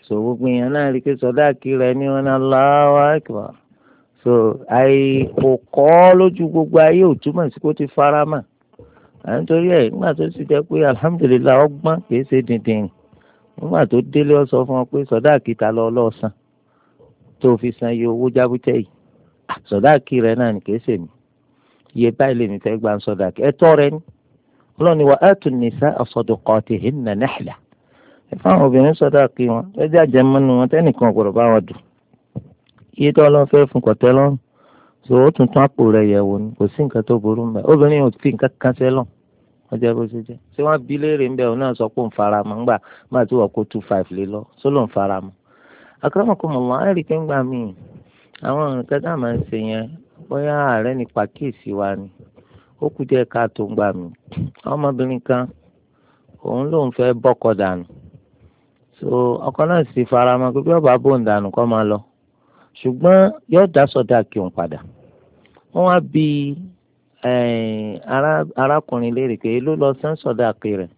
so gbogbo èèyàn náà rí i pé sọdá kí rẹ ní wọn náà láwá ẹkọ so àìkò kọ́ lójú gbogbo ayé ò túmọ̀ sí kó ti fara mọ́ à ń torí ẹ̀ nígbà tó sì jẹ́ pé alhamdulillah ọgbọ́n kìí ṣe dìndìn nígbà tó délé ọ sọ fún ọ pé sọdá kìta lọ ọlọ́ọ̀sán tó fi san iye owó jábútẹ́ yìí sọdá kì rẹ náà ni kìí ṣe mi iye báyìí lèmi fẹ́ gbà ń sọdá kì ẹ tọ́ rẹ ni ọlọ́ni wa atun nisa asadqatihinna nihla ẹ fáwọn obìnrin sọdá wọn ẹ jẹ́ àjẹmọ́nu wọn tẹ́nìkan ọ̀gbọ̀dọ̀ bá wọn dùn iye tó ọlọ́ fẹ́ fún kọ̀tẹ́ lọ́rùn so ó tún tún àpò rẹ̀ yẹ̀wò ni kò sí nǹkan tó burú mbẹ obìnrin ò fi nǹkan kan sẹ́lọ̀ ọjọ́ bó ṣe jẹ́ ṣé wọ́n bí léèrè ń bẹ̀ òun náà sọ pé òun fara mọ́ ńgbà máa ti wọ̀ kó two five lé lọ ń fara á rí àwọn nǹkan tá a máa ń ṣe yẹn bóyá ààrẹ wa ni ó kù díẹ̀ ká tó ń gbà mí ọmọbìnrin kan òun lòun so ọkọ náà sì fara ọba bò ń dànù máa wọ́n wá bi eh, arákùnrin léèrè pé ló lọ san rẹ̀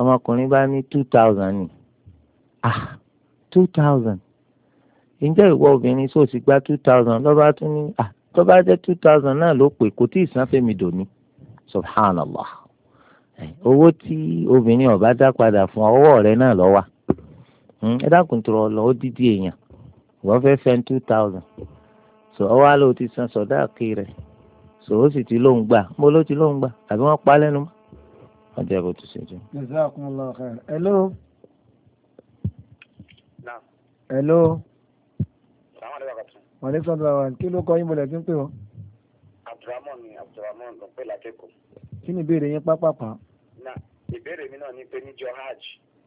ọmọkùnrin bá ní two ni ah two thousand ǹjẹ́ ìwọ obìnrin sọ gba two thousand lọ́ba tún ah tó bá jẹ́ two thousand náà ló pè kò tí ì san fẹ́mi dòní subhanallah eh, owó tí obìnrin ọba dá fún ọwọ́ rẹ náà hmm, ẹ dákun tó lọ ó dídí èèyàn wọ́n fẹ́ sọ ọ wá ló ti san sọdá àkè rẹ sọ ó sì ti lóun gbà mo ló ti lóun gbà àbí wọn pa lẹ́nu mọ́ wọn jẹ bó ti ṣe jẹ. hello. hello. wọ́n ní sọ́dọ̀ àwọn kí ló kọ́ yín bọ̀lẹ̀ tí ń pè wọ́n. abdulrahman ni abdulrahman ló pè látẹ́kọ̀ọ́. kí ni ìbéèrè yín pápápá. na ìbéèrè mi náà ni pé níjọ hajj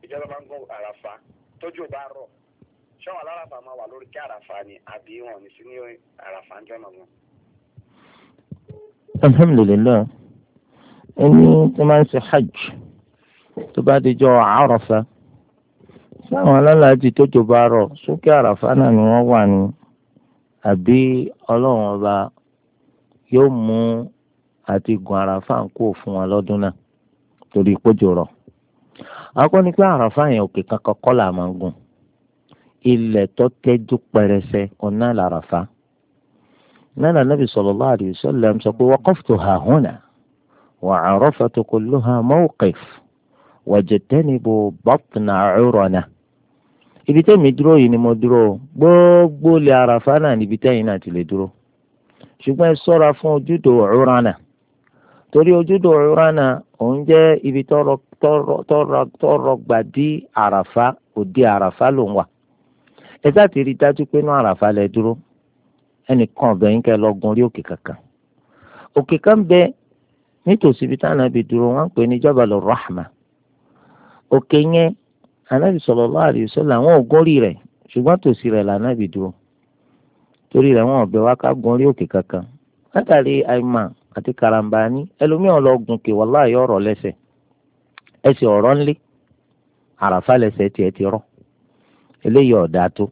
ìjọba máa ń gbọ́ àràfà tójú ò bá rọ̀ ṣáwọn aláràfà máa wà lórí kí àràfà ni àbí wọn ní sí ní àràfà ń jọ́nà wọn. alhamdulilayi ẹni tó máa ń ṣe hajj tó bá di jọ àràfà sáwọn alálàájì tó jọba rọ sókè àràfà náà ni wọ́n wà ní àbí ọlọ́run ọba yóò mú àti gun àràfà ń kó fún wa lọ́dún náà torí ìpọ́jọ rọ. akọ́ni pé àràfà yẹn òkè kankan kọ́ là máa ń gùn ilẹ̀ tó tẹ́jú pẹrẹsẹ ọ̀nà làràfà nana nabi sallallahu alayhi wa sallam sọ pé waqaftuha huna wa arafatu kulluha mawqif wajtanibu batna urana ibi tẹ́mi dúró yìí ni mo dúró gbogbo lè àràfà náà níbi tẹ́yìn náà ti lè dúró ṣùgbọ́n ẹ sọ́ra fún ojúdò urana torí ojúdò urana òun jẹ́ ibi tọrọ gbà dí àràfà òdi àràfà ló ń wà ẹ sáà ti rí i dájú pé inú àràfà lẹ dúró ẹnìkan ọ̀bẹ yín kẹ́ lọ orí òkè kankan òkè kan bẹ nítòsí ibi táwọn àbí dúró wọn pè ní Jabalur Rahma òkè yẹn ànábì sallallahu alaihi wasallam àwọn ògùn orí rẹ̀ ṣùgbọ́n tòsí rẹ̀ lànàbì dúró torí rẹ̀ wọn ọ̀bẹ wa ká gun orí òkè kankan látàrí àìmọ̀ àti karambani ẹlòmíràn lọ gun kè wọ́n láàyè ọ̀rọ̀ lẹ́sẹ̀ ẹsẹ̀ ọ̀rọ̀ ńlẹ̀ eléyìí ọ̀dà tó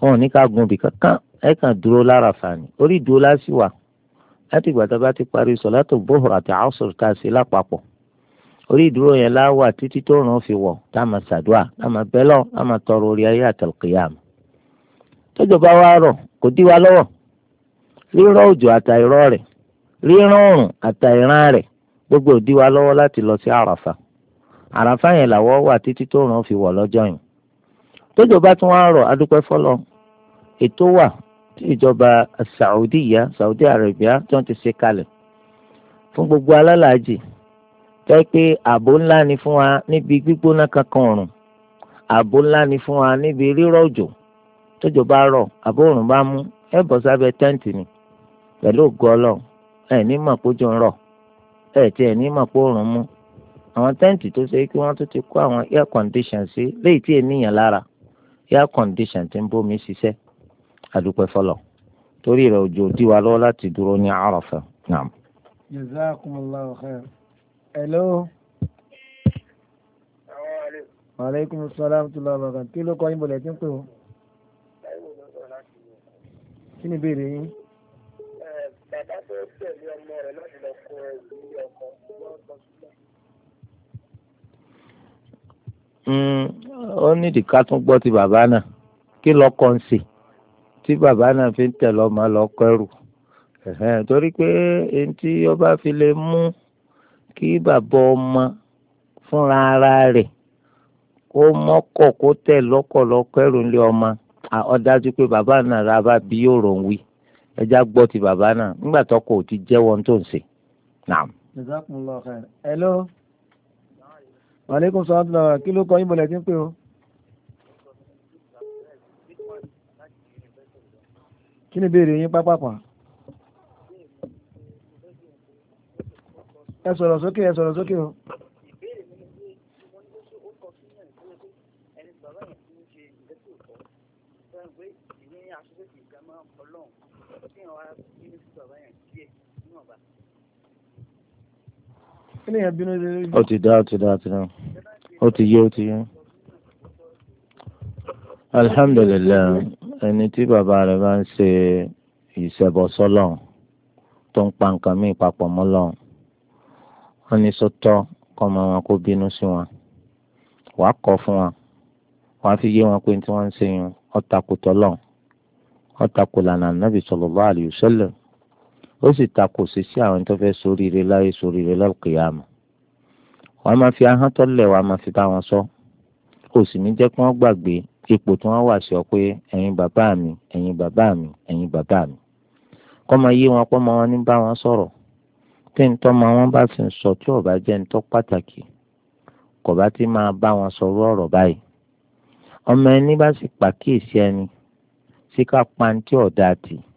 wọn ò ní ká gun kankan ẹ kàn dúró lára fani orí dúró láti wà láti ìgbà ti parí sọ̀látò lati àti àásùr tá ṣe lápapọ̀ orí ìdúró yẹn láwà títí tó ràn fi wọ̀ tá a máa ṣàdúrà tá a máa bẹ́lọ̀ tá a máa tọrọ orí ayé wa rọ̀ kò dí wa lọ́wọ́ òjò rẹ̀ òrùn rẹ̀ gbogbo wa lọ́wọ́ láti lọ sí àràfà àràfà yẹn wà títí tó tójọba tún wá rọ̀ adúpẹ́ fọlọ́ ètò wà tí ìjọba Saudi ya Saudi Arabia tí wọ́n ti ṣe kalẹ̀ fún gbogbo alálàájì tó yẹ pé ààbò ńlá ni fún wa níbi gbígbóná kankan ọ̀run ààbò ńlá ni fún wa níbi rírọ̀ òjò tójò bá rọ̀ àbò òrùn bá mú ẹ bọ́ sábẹ́ tẹ́ǹtì ni pẹ̀lú ògo Ọlọ́run ẹ ní mọ̀ pójò ń rọ̀ ẹ tí ẹ ní mọ̀ pé òrùn mú àwọn tẹ́ǹtì tó ṣe kí wọ́n tún ti kó àwọn air condition sí léyìí tí ènìyàn lára air condition ti ń bómi ṣiṣẹ́ àdúpẹ́ fọlọ́ torí rẹ̀ òjò dí wa lọ́wọ́ láti dúró ní Àràfà náà. jazakumullahu khair. hello. maaleykum salaam tula bàkà kí ló kọ́ yín bọ̀lẹ̀ tí ń pè ó. kí ni ìbéèrè yín. Hmm, ó nídìí ká tún gbọ́ ti bàbá náà kí lọ́kọ́ ń sè tí bàbá náà fi ń tẹ̀ lọ́mọ lọ́kọ́ ẹrù torí pé ẹni tí ó bá fi lè mú kí bàbá ọmọ fúnra ara rẹ̀ kó mọ́kọ̀ kó tẹ̀ lọ́kọ̀ lọ́kọ́ ẹrù ńlẹ̀ ọmọ ó dájú pé bàbá náà ra bá bí yóò rò ń wí ẹja gbọ́ ti bàbá náà nígbà tó kò ti jẹ́wọ́ tó ń sè wàlékún sọ àdúrà kí ló kọ yín bọ̀lẹ̀ tí ń pè ó. kí ni ìbéèrè yín pápápá. ẹ sọ̀rọ̀ sókè ẹ sọ̀rọ̀ sókè ó ti dá ó ti dá ó ti dá ó ti yé ó ti yé. alihamudulilayi ẹni tí bàbá rẹ̀ bá ń ṣe ìṣẹ̀bọ̀sọ́lọ̀ tó ń pa nǹkan mí papọ̀ mọ́ lọ́wọ́ wọ́n ní sọ́tọ́ kọ́ ọmọ wọn kó bínú sí wọn wàá kọ́ fún wọn wàá fi yé wọn pé tí wọ́n ń ṣe yun ọ̀tàkùtọ̀ lọ́wọ́ ọ̀tàkùlànà nàbì sallallahu alayhi wa ó sì takò sí sí àwọn tó fẹ́ ṣoríire láyé ṣoríire lálùkìyàmù wàá máa fi ahọ́n tó lẹ̀ wàá máa fi bá wọn sọ kò sì ní jẹ́ kí wọ́n gbàgbé ipò tí wọ́n wà sí ọ pé ẹ̀yin bàbá mi ẹ̀yin bàbá mi ẹ̀yin bàbá mi kọ́ máa yé wọn pọ́ máa wọn ní bá wọn sọ̀rọ̀ tí ń tọ́ máa wọn bá sì ń sọ tí ó bá jẹ́ ń tọ́ pàtàkì kò bá ti máa bá wọn sọ̀rọ̀ ọ̀rọ̀ báyìí ọmọ ẹni bá sì pàkíyèsí ẹni sí ká pa ní tí ọ̀dà tì í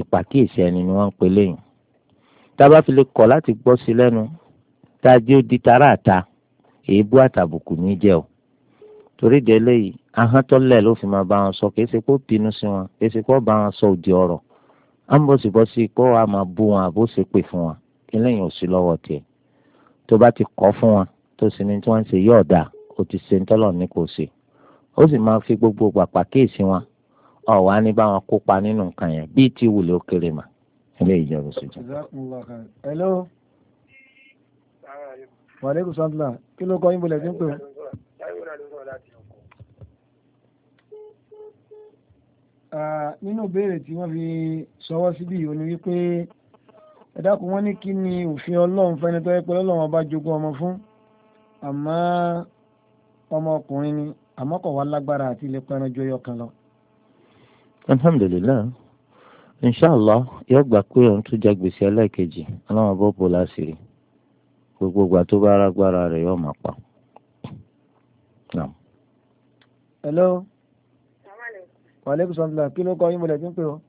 ìpàkíyèsí ẹni ni wọ́n ń pè léyìn tá a bá fi lè kọ̀ láti gbọ́ sí lẹ́nu tá a jẹ́ ó di tara àta èébú àtàbùkù ní jẹ́ o torí de eléyìí ahọ́n tọ́lẹ̀ ló fi máa bá wọn sọ kìí ṣe kó bínú sí wọn kìí ṣe kó bá wọn sọ òdì ọ̀rọ̀ à kó wa máa bú wọn àbó ṣe pè fún wọn eléyìí ò sí lọ́wọ́ tiẹ̀ tó bá ti kọ́ fún wọn tó sì ní tí wọ́n ń ṣe yọ̀ọ̀dà ó ti ṣe ń tọ́lọ̀ ní kò sí ó sì máa fi gbogbo gbàpà kéèsì wọn ọ̀ wá ní báwọn kópa nínú nǹkan yẹn bíi ti wùlé òkèrè mà ilé ìjọba ìṣèjọba. hello. wàlẹ́kùn sàǹtìlà kí ló kọ́ yín bọ̀lẹ̀ tí ń pè ó. nínú ìbéèrè tí wọ́n fi sọwọ́ síbí yìí ó ní wípé ẹ dákun wọ́n ní kí ni òfin ọlọ́run fẹ́ni tó yẹ pé ọlọ́run ọba jogún ọmọ fún àmọ́ ọmọkùnrin ni àmọ́ kò wá lágbára àti ilé pẹ́ran ju kan lọ alhamdulillah inshallah yóò gbà pé òun tún jẹ gbèsè ẹlẹ́ẹ̀kejì ọlọ́run bó bò láṣìírí gbogbo ìgbà tó bá rágbára rẹ̀ yóò máa pa. hello. kí ló kọ́ tí ń pè ọ́.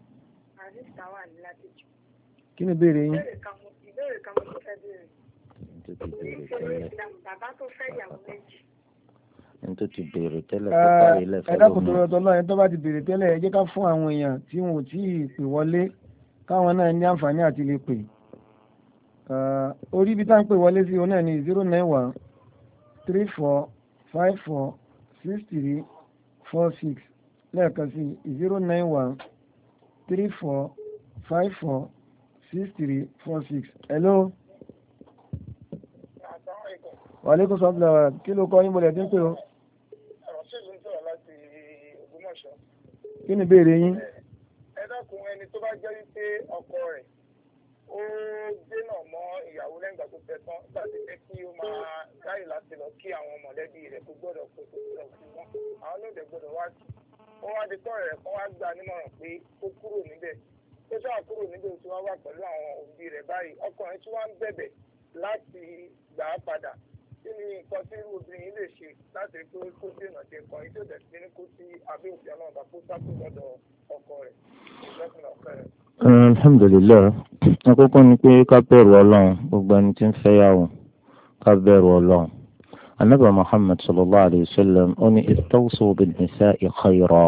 kí ni ìbéèrè yín. ìbéèrè kan mo ti fẹ́ bàbá tó fẹ́ méjì. ẹni tó ti béèrè tẹ́lẹ̀ tó ah, parí ilẹ̀ fẹ́ lómi. ẹ̀dá kòtò rẹ̀ tọ́lá ẹni tó bá ti béèrè tẹ́lẹ̀ ẹ jẹ́ ká fún àwọn èèyàn tí wọn ò tí ì pè wọlé káwọn náà ní àǹfààní àti lè pè. Ah, orí ibi tá à ń pè wọlé sí òun náà zero nine one three four five four six three four six lẹ́ẹ̀kan sí zero nine one three four five four six three four six. hello. wàlẹ́kùn sọ́kùnrin kí ló kọ́ yín mo lẹ̀ dín pé o. kí ni ìbéèrè yín. ẹ dákun ẹni tó bá jẹ́ wípé ọkọ rẹ̀ ó dènà mọ́ ìyàwó lẹ́yìn tó fẹ́ tán láti fẹ́ kí ó máa ráyè láti lọ kí àwọn mọ̀lẹ́bí rẹ̀ kó gbọ́dọ̀ kó tó gbọ́dọ̀ fún wọn àwọn náà gbọ́dọ̀ wá sí wọn wá di tọ́rẹ̀ rẹ̀ kan wá gbà nímọ̀ràn pé kó kúrò níbẹ̀ tó ṣáà kúrò níbẹ̀ tí wọ́n wà pẹ̀lú àwọn òbí rẹ̀ báyìí ọkùnrin tí wọ́n ń bẹ̀bẹ̀ láti gbà á padà kí ni nǹkan tí obìnrin lè ṣe láti pé kó dènà ṣe kan yìí tó dẹ̀ sí ní kó sí abẹ́ òfin ọlọ́run bá kó sákò lọ́dọ̀ ọkọ rẹ̀ lọ́kùn ọ̀fẹ́ rẹ̀. alhamdulillah àkọ́kọ́ ni pé ká bẹ̀rù ọlọ́run gbogbo ẹni tí ń fẹ́yàwó ká bẹ̀rù ọlọ́run anábà muhammad sallallahu alayhi wa sallam ó ní istawsu bin nisa'i khayra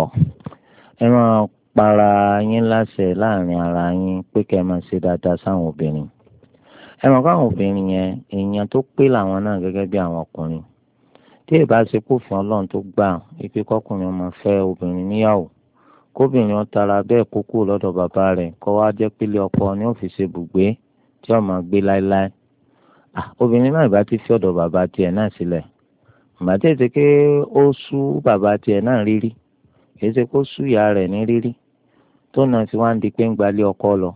ẹ máa para yín láṣẹ láàrin ara yín pé kẹ́ máa ṣe dáadáa sáwọn obìnrin ẹ mọ̀ káwọn obìnrin yẹn èèyàn tó pé làwọn náà gẹ́gẹ́ bí àwọn ọkùnrin tí èèbá ṣe kófin ọlọ́run tó gbà wípé kọkùnrin ọmọ fẹ́ obìnrin níyàwó kóbìnrin ọ̀tara bẹ́ẹ̀ kókó lọ́dọ̀ bàbá rẹ̀ kọ́ wá jẹ́ pélé ọkọ ní òfìsè bùgbé tí ó máa gbé láéláé obìnrin náà ìbá ti fi ọ̀dọ̀ bàbá tiẹ̀ náà sílẹ̀ ìgbà tí èsì pé ó sú bàbá tiẹ̀ náà rírí èsì pé ó sú ìyá rẹ̀ ní rírí tó náà ti wá ń di pé ń gbalé ọkọ lọ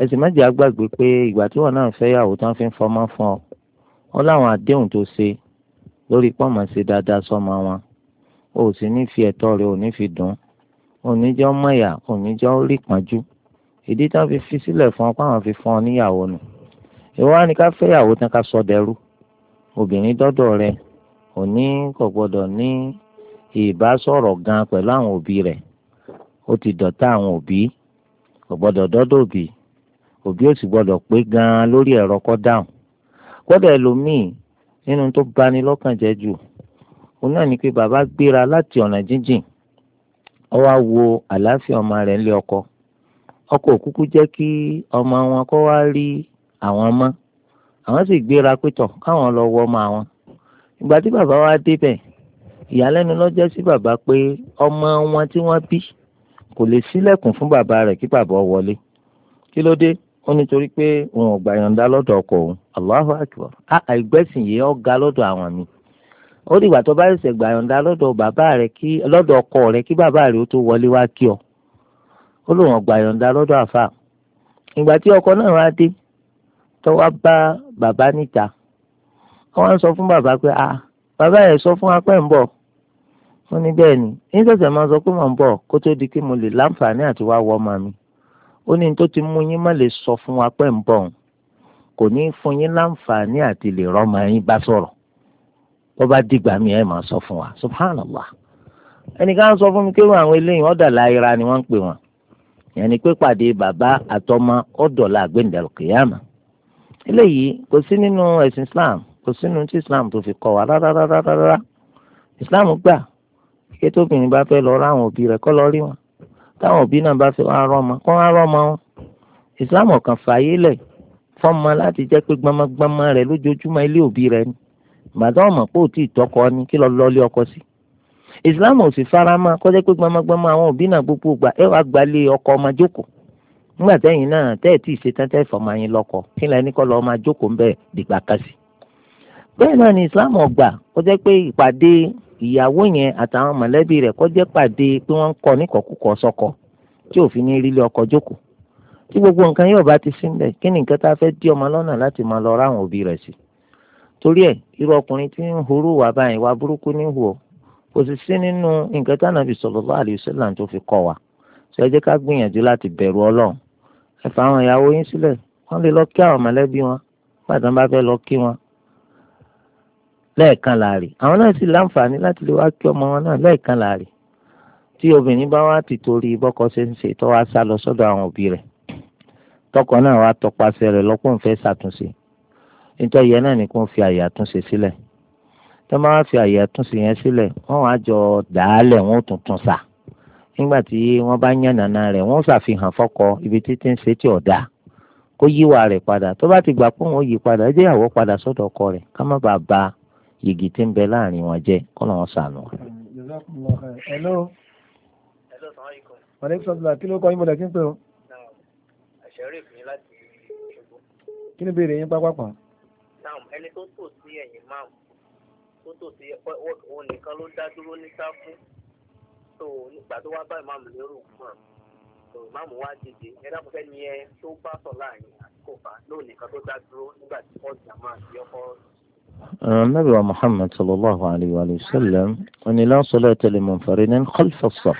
ẹ sì má jẹ́ àgbàgbé pé ìgbà tí wọn náà fẹ́ yàwó tán fi ń fọmọ fún ọ ọ láwọn àdéhùn tó ṣe lórí pọ́nmọ̀ ṣe dáadáa sọ́mọ wọn o sì ní fi ẹ̀tọ́ rẹ ò ní fi dùn ún oníjọ́ mọ̀yà oníjọ́ rí pọ́njú ìdí tán fi fi sílẹ̀ fún ọ páwọn fi fún ọ níyàwó nù ìwọ wá ní ká fẹ́ yàwó tán ká sọ dẹrú obìnrin dọ́dọ̀ rẹ òní kò gbọdọ̀ ní ìbásọ̀rọ̀ gan pẹ̀lú àwọn òbí rẹ̀ ó ti dọ̀tá àwọn òbí kò gbọdọ̀ dọ́dọ̀ òbí òbí ò sì gbọ́dọ̀ pé gan-an lórí ẹ̀rọ kọ́ dáhùn kódà ẹlòmíì nínú tó bani lọ́kàn jẹ́ jù òun náà ni pé bàbá gbéra láti ọ̀nà jíjìn ó wá wo àlàáfíà ọmọ rẹ̀ ńlé ọkọ ọkọ òkúkú jẹ́ kí ọmọ wọn kó wá rí àwọn mọ́ àwọn sì gbéra pétọ̀ káwọn lọ wọ ọmọ àwọn ìgbà tí bàbá wa débẹ̀ ìyàlẹ́nu ló sí bàbá pé ọmọ wọn tí wọ́n bí kò lè ṣílẹ̀kùn fún bàbá rẹ̀ kí bàbá wọlé kí ló dé ó nítorí pé òun ò gbà yọ̀ǹda lọ́dọ̀ ọkọ òun Allahu akbar ah, àìgbẹ́sìn yìí ó ga lọ́dọ̀ àwọn mi ó dìgbà tó bá ṣẹ̀ṣẹ̀ gbà yọ̀ǹda lọ́dọ̀ bàbá rẹ̀ kí lọ́dọ̀ ọkọ rẹ̀ kí bàbá rẹ̀ ó tó wọlé wá kí ọ ó lóun ò gbà yọ̀ǹda lọ́dọ̀ àfà ìgbà tí ọkọ náà wá dé tó wá bá bàbá níta wọ́n sọ fún bàbá pé ah bàbá yẹn sọ fún apẹ́ ń bọ̀ wọ́n ní bẹ́ẹ̀ ni ní sẹ̀sẹ̀ máa sọ pé mò ń bọ̀ kó tó di pé mo lè láǹfààní àti wá wọ́ ọmọ mi ó ní tó ti mú yín má lè sọ fún wa pé ń bọ̀ òun kò ní fún yín láǹfààní àti lè rọ́mọ yín bá sọ̀rọ̀ tó bá dìgbà mi ẹ̀ máa sọ fún wa subhanallah ẹnìkan sọ fún mi pé àwọn eléyìí ọ̀dà láyìíra ni wọ́n ń pè wọ́n yẹn ni pé pàdé bàbá àtọmọ ọ̀dọ̀ la gbẹ̀ndẹ̀rù kìyàmà eléyìí kò sí nínú ẹ̀sìn Islam kò sínú tí Islam tó fi kọ́ wa rárá Islam gbà kí tóbìnrin bá fẹ́ lọ ráwọn òbí rẹ̀ kọ́ lọ rí wọn táwọn òbí náà bá fi wá ọmọ kó wá ọmọ wọn ìsìláàmù ọ̀kan fààyè lẹ̀ fọ́mọ láti jẹ́ pé gbọmọgbọmọ rẹ lójoojúmọ́ ilé òbí rẹ ni bàtà ọmọ pé ò tí ì tọkọ kí lọ ọkọ sí ìsìláàmù ò fara kọjá pé gbọmọgbọmọ àwọn òbí gbogbo gbà ẹ wàá ọkọ ọmọ jókòó nígbà tẹ́yìn náà tí ṣe tán fọmọ yín lọ́kọ kí lẹ́ni kọ́ lọ́ọ́ máa jókòó dìgbà bẹ́ẹ̀ náà ni ìyàwó yẹn àtàwọn mọ̀lẹ́bí rẹ̀ kọjá pàdé pé wọ́n ń kọ níkọ̀kúkọ̀ sọ́kọ tí òfin ní rí ilé ọkọ jókòó tí gbogbo nǹkan yóò bá ti sí níbẹ̀ kí ni nǹkan tá a fẹ́ dí ọmọ lọ́nà láti máa lọ ráwọn òbí rẹ̀ sí torí ẹ̀ irú ọkùnrin tí ń horú wà báyìí wà burúkú ní hù ọ́ kò sì sí nínú nǹkan tá nàbì sallallahu alaihi wasallam tó fi kọ́ wa sọ ẹ jẹ́ ká gbìyànjú láti bẹ̀rù ọlọ́run ẹ fà àwọn ìyàwó yín sílẹ̀ wọ́n lè lọ kí àwọn mọ̀lẹ́bí wọn pàtàkì bá fẹ́ lọ kí wọn lẹ́ẹ̀kan láàrin àwọn náà sì láǹfààní láti lè wá kí ọmọ wọn náà lẹ́ẹ̀kan láàrin tí obìnrin bá wá ti torí bọ́kọ ṣe ń ṣe tó wá sá lọ sọ́dọ̀ àwọn òbí rẹ̀ tọkọ náà wá tọpasẹ̀ rẹ̀ lọ́pọ̀ fẹ́ ṣàtúnṣe nítorí yẹn náà ni kò fi àyè àtúnṣe sílẹ̀ tó máa fi àyè àtúnṣe yẹn sílẹ̀ wọ́n wá jọ dàálẹ̀ wọ́n tún tún ṣà nígbà tí wọ́n bá yàn nàna rẹ̀ wọ́n ṣàfihàn fọ́kọ ibi títí ń ṣe tí ò dáa kó yíwà rẹ̀ padà tó bá ti gbà pé òun yí padà ẹ jẹ́ ìyàwó padà sọ́dọ̀ ọkọ rẹ̀ ká má bàa ba igi tí ń bẹ láàrin wọn jẹ́ kọ́ ló kọ́ yín kí ni béèrè yín pápákọ̀. naam ẹni tó tò sí ẹ̀yìn máàmù tó tò sí òun nìkan ló dá dúró ní sáfù tó nígbà tó wá bá ìmáàmù lérò mọ́ tó ìmáàmù wá dìde ẹ dákun fẹ́ ẹ tó bá sọ láàrin àti kò bá lónìí tó dá dúró nígbà tí wọ́n máa ti ọkọ̀ النبي محمد صلى الله عليه وآله وسلم أن لا صلاة لمنفرد خلف الصف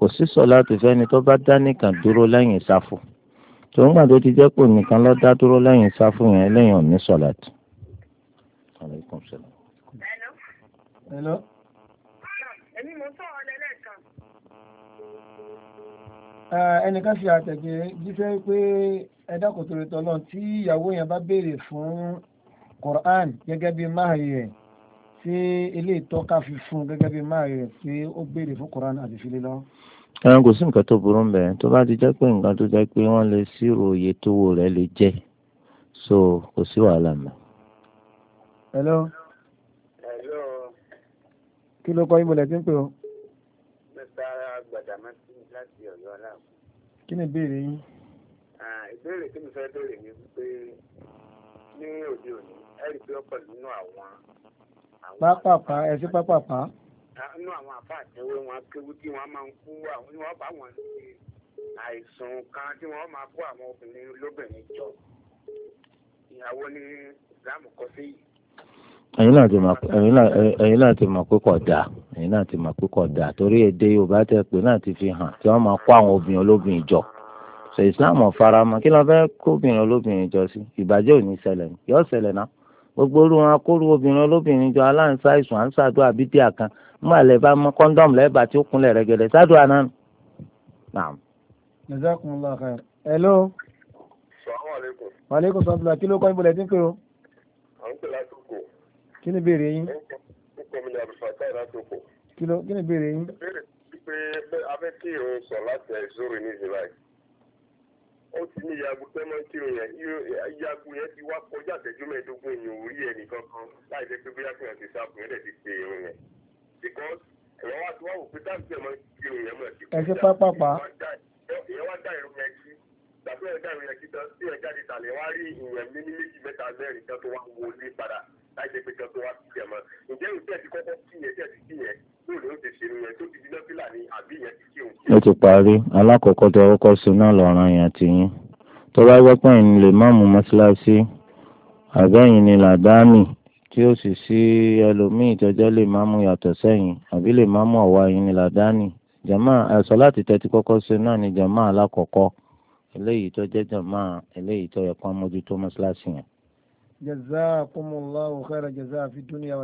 kò sí sọlá tó fẹ́ni tó bá dá nìkan dúró lẹ́yìn sáfù tó ń gbà tó ti jẹ́ pò nìkan lọ dá dúró lẹ́yìn sáfù yẹn lẹ́yìn òní sọlá tó. Hello. ẹnìkan fi àtẹ̀jẹ́ jíṣẹ́ pé ẹ̀dá kòtò ìtọ́lọ́ tí ìyàwó yẹn bá béèrè fún Quran gẹ́gẹ́ bí máàrí rẹ̀ tí ilé ìtọ́ka fi fún gẹ́gẹ́ bí máàrí rẹ̀ tí ó béèrè fún Quran àti ìfilé lọ. ẹran kò sí nǹkan tó burú ń bẹ tó bá ti jẹ́ pé nǹkan tó jẹ́ pé wọ́n lè ṣírò iye tówó rẹ̀ lè jẹ́ so kò sí wàhálà mọ́. hello. hello. kí ló kọ́ ibùdó tí ń pè ọ́. mẹ́ta gbàdámẹ́sì láti ọ̀yọ́ aláàbò. kí ni ìbéèrè yín. ìbéèrè tí mo fẹ́ béèrè ni pé ní òde òní ẹ̀rí pé ó pọ̀ nínú àwọn. pápápá ẹ sí pápápá. nínú àwọn àbá àtẹwé wọn kéwú tí wọ́n máa ń kú àwọn ni wọ́n bá wọn ní àìsàn kan tí wọ́n máa kó àwọn obìnrin lóbìnrin jọ ìyàwó ní ìsìlámù kọ sí yìí ẹ̀yin náà ti mọ̀ pé kò dáa ẹ̀yin náà ti mọ̀ pé kò dáa torí èdè yorùbá tẹ pé náà ti fi hàn tí wọ́n máa kó àwọn obìnrin olóbìnrin jọ ṣe islam ọ̀farama kí ló fẹ́ kó obìnrin olóbìnrin jọ sí ìbàjẹ́ ò ní ṣẹlẹ̀ yóò ṣẹlẹ̀ náà gbogbo orí wọn akóru obìnrin olóbìnrin jọ aláǹsá ìsùn àǹsàdó àbídí àkàn mọ́ àlẹ́ bá mọ́ kọ́ńdọ̀mù lẹ́ẹ̀bà tí ó kunlẹ̀ rẹ̀gẹ̀dẹ̀ sádùn àná. jazakumullahu khair. hello. salaamaleykum. maaleykum salaam kí ló kọ́ ibùdó ẹ̀ tí ń pè o. à ń pè látòkò. kí ni ìbéèrè yín. ó kọ́ mi ní abdulfatai látòkò. kí ni ìbéèrè yín. ìbéèrè pé abẹ́ kí irun sọ láti ẹ̀ ó ti ní ìyàgò pẹ́mọ́ntìrì yẹn ìyàgò yẹn ti wá kọjá àtẹ́jú mẹ́ẹ̀ẹ́dógún èèyàn orí ẹ̀ nìkan kan láì jẹ́ pé bóyá kìnìún ti sáàpù yẹn dẹ̀ ti ṣe irun yẹn because ẹ̀yàn wá ti wá wò pé táàbù pẹ́mọ́ntìrì yẹn mọ̀ sí. ẹ ṣe pápápá. èèyàn wá dá irun yẹn kí gbàtú ẹ̀ dá yẹn kí tán sí ẹ̀ jáde wá rí ìyẹn mímí méjì mẹ́ta mẹ́rin kan tó wá wọlé padà láì jẹ́ pé kan tó wá sí ẹ̀ mọ́ ǹjẹ́ ìtẹ́ẹ̀tì kọ́kọ́ kí yẹn tẹ́ẹ̀tì ti ṣe yẹn ó ti parí alákọ̀ọ́kọ́ tó kọ́kọ́ sí náà lọ́ràn yẹn ti yín tó bá gbọ́ pé ẹ̀yin lè má mú mọ́ṣáláṣí àbẹ́yìn ni làdámì tí ó sì sí ẹlòmíì ìjọjọ́ lè má mú yàtọ̀ sẹ́yìn àbí lè má mú ọ̀wá ẹ̀yin ni làdáni jàmá ẹ̀sọ́ láti tẹ́tí kọ́kọ́ sí náà ni jàmá alákọ̀ọ́kọ́ eléyìí tó jẹ́ jàmá eléyìí tó yẹ kó mójútó mọ́ṣáláṣí yẹn. jazakumullahu khairan jazaa fi dunya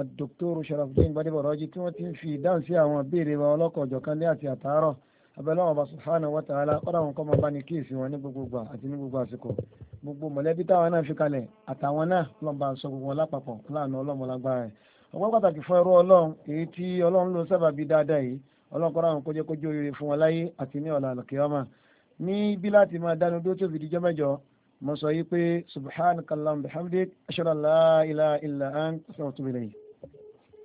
àdòkítọ́rù sharafdin gbadébọ̀rọ̀jì tí wọ́n ti ń fi ìdáhùn sí àwọn ìbéèrè wa ọlọ́kọ̀ọ̀jọ̀kan ní àti àtàárọ̀ abẹ́lẹ́ ọba subhanahu wa ta'ala kọ́dà wọn kọ́ máa bá ní kíyèsí wọn ní gbogbogbà àti ní gbogbo àsìkò gbogbo mọ̀lẹ́bí táwọn náà fi kalẹ̀ àtàwọn náà lọ́n bá ń sọ gbogbo wọn lápapọ̀ láàánú ọlọ́mọlágbára rẹ̀ ọgbọ́n pàtàkì fún ẹrú ọlọ́run èyí tí ọlọ́run ló sábà bí dáadáa yìí ọlọ́run kọ́dà wọn kójẹ́ kójú oríire fún wọn láyé àti ní ọ̀la àlùkìyámà ní láti máa dánu dúró tó fi dijọ́ mẹ́jọ mo sọ yìí pé subhanakallahumma bihamdik ashhadu an la ilaha illa anta astaghfiruka wa atubu